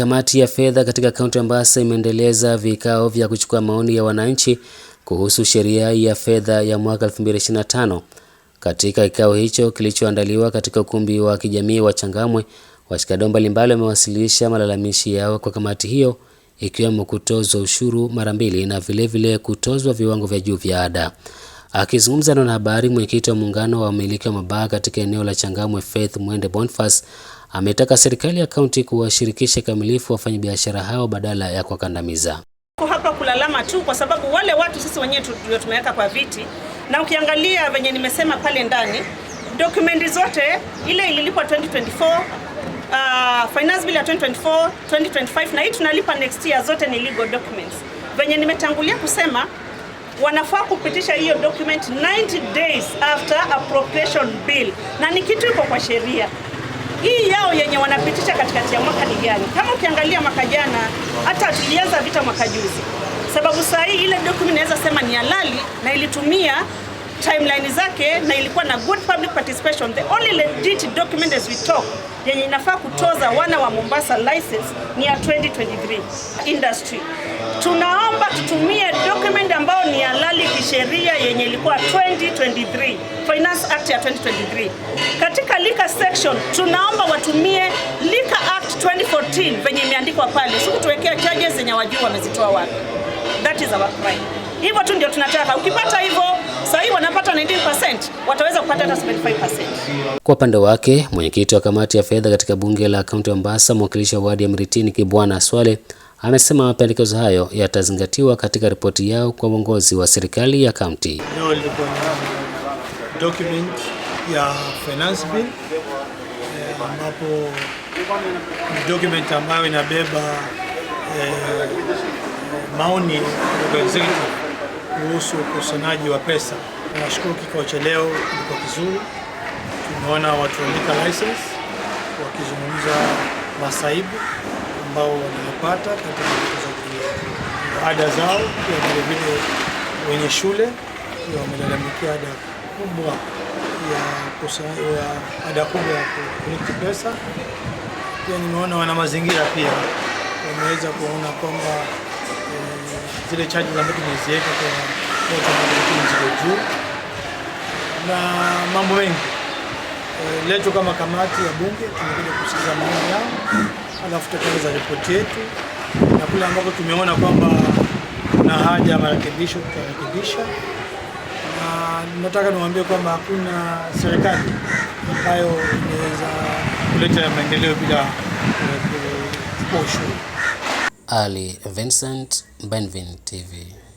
Kamati ya fedha katika kaunti ya Mombasa imeendeleza vikao vya kuchukua maoni ya wananchi kuhusu sheria ya fedha ya mwaka 2025. Katika kikao hicho kilichoandaliwa katika ukumbi wa kijamii wa Changamwe, washikadau mbalimbali wamewasilisha malalamishi yao kwa kamati hiyo, ikiwemo kutozwa ushuru mara mbili na vilevile vile kutozwa viwango vya juu vya ada. Akizungumza na wanahabari, mwenyekiti wa muungano wa wamiliki wa mabaa katika eneo la Changamwe Faith Mwende Bonfas ametaka serikali ya kaunti kuwashirikisha kamilifu wafanyabiashara hao badala ya kuwakandamiza. Hapa kulalama tu kwa sababu wale watu sisi wenyewe ndio tumeweka kwa viti, na ukiangalia venye nimesema pale ndani dokumenti zote ile ililipwa 2024 uh, finance bill ya 2024 2025 na hii tunalipa next year, zote ni legal documents venye nimetangulia kusema wanafaa kupitisha hiyo document 90 days after appropriation bill, na ni kitu iko kwa sheria hii yao yenye wanapitisha katikati ya mwaka ni gani? Kama ukiangalia mwaka jana, hata tulianza vita mwaka juzi, sababu saa hii ile document inaweza sema ni halali na ilitumia timeline zake na ilikuwa na good public participation. The only legit document as we talk yenye inafaa kutoza wana wa Mombasa license ni ya 2023 industry. Tunaomba tutumie document ambayo ni halali kisheria yenye ilikuwa 2023 Finance Act ya 2023. Katika lika section tunaomba watumie lika Act 2014 venye imeandikwa pale, siku tuwekea charges zenye wajua wamezitoa wapi. That is our crime. Hivyo tu ndio tunataka ukipata hivyo sasa hii wanapata 19%, wataweza kupata hata 75%. Kwa upande wake, mwenyekiti wa kamati ya fedha katika bunge la kaunti ya Mombasa, mwakilishi wa wadi ya Mritini Kibwana Swale amesema mapendekezo hayo yatazingatiwa katika ripoti yao kwa uongozi wa serikali ya kaunti. Document ya finance bill eh, ambapo eh, ni document ambayo inabeba eh, maoni ya executive kuhusu ukusanyaji wa pesa. Nashukuru kikao cha leo kilikuwa kizuri, tumeona watu wa liquor license wakizungumza masaibu ambao wanayopata katika ada zao, pia vilevile wenye shule wamelalamikia ada kubwa ya ada kubwa ya kulipti pesa. Pia nimeona wana mazingira pia wameweza kuona kwamba eh, zile charges ambazo tumeziweka kwa mzigo juu na mambo mengi. Eh, leo kama kamati ya bunge tumekuja kusikiza maoni yao, alafu tutekeleza ripoti yetu, na kule ambako tumeona kwamba kuna haja ya marekebisho tutarekebisha. Na nataka niwaambie kwamba hakuna serikali ambayo inaweza kuleta maendeleo bila kuwa ali Vincent, Benvin TV.